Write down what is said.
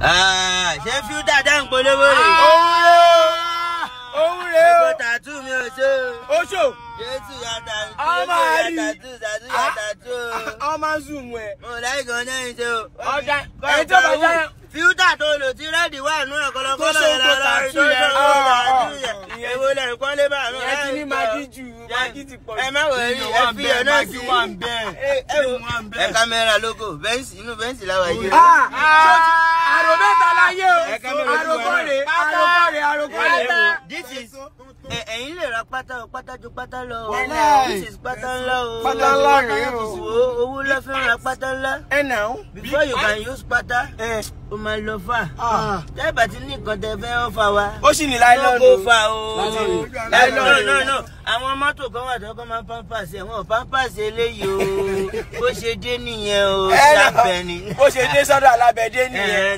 Ah, ṣé fíúdà dá ń polówó rè. òun ah! rè o. èkó tàtú mi ò ṣe o. ó ṣò. jésù ya tàtú jésù ya tàtú tàtú ya tàtú o. ọ máa ń zoom ẹ. mo láì gan náà ń ṣe o. ọjà ẹ tó bá jẹ. fíúdà tó lò tí rẹ́ẹ̀dì wà nù ọ̀kọ́lọ́kọ́lọ́ yẹn lọ́rọ́ tó ṣe o tàtú yẹn. Ah! èwo lẹ̀ ń kọ́lé bá àánú. ẹ ti ní magi jù magi ti pọ̀ jù. ẹ má wọ̀ ẹ fi ẹ̀ náà sí. ẹ kámẹ́rà lóko bẹ́ǹsì inú bẹ́ǹsì láwa yìí. this is ẹ̀yin lè ra pátá o pátá ju pátá lọ o this is pátá ńlá o pátá ńlá rèé o owó lọ fẹ́ ra pátá ńlá before you can use pátá o máa lọ fà ah. tẹ́ẹ̀bà tí ní nǹkan tẹ fẹ́ ọ́fà wa ó sì ní láìlọ́ọ̀nù ó fà o láìlọ́ọ̀nù àwọn mọ́tò kan wà tó kọ́ máa ń pampasì ẹ̀ wọ́n pampasì eléyìí o bó ṣe dé nìyẹn o sábẹ́ ni bó ṣe dé sọ́dọ̀ alábẹ́dé nìyẹn.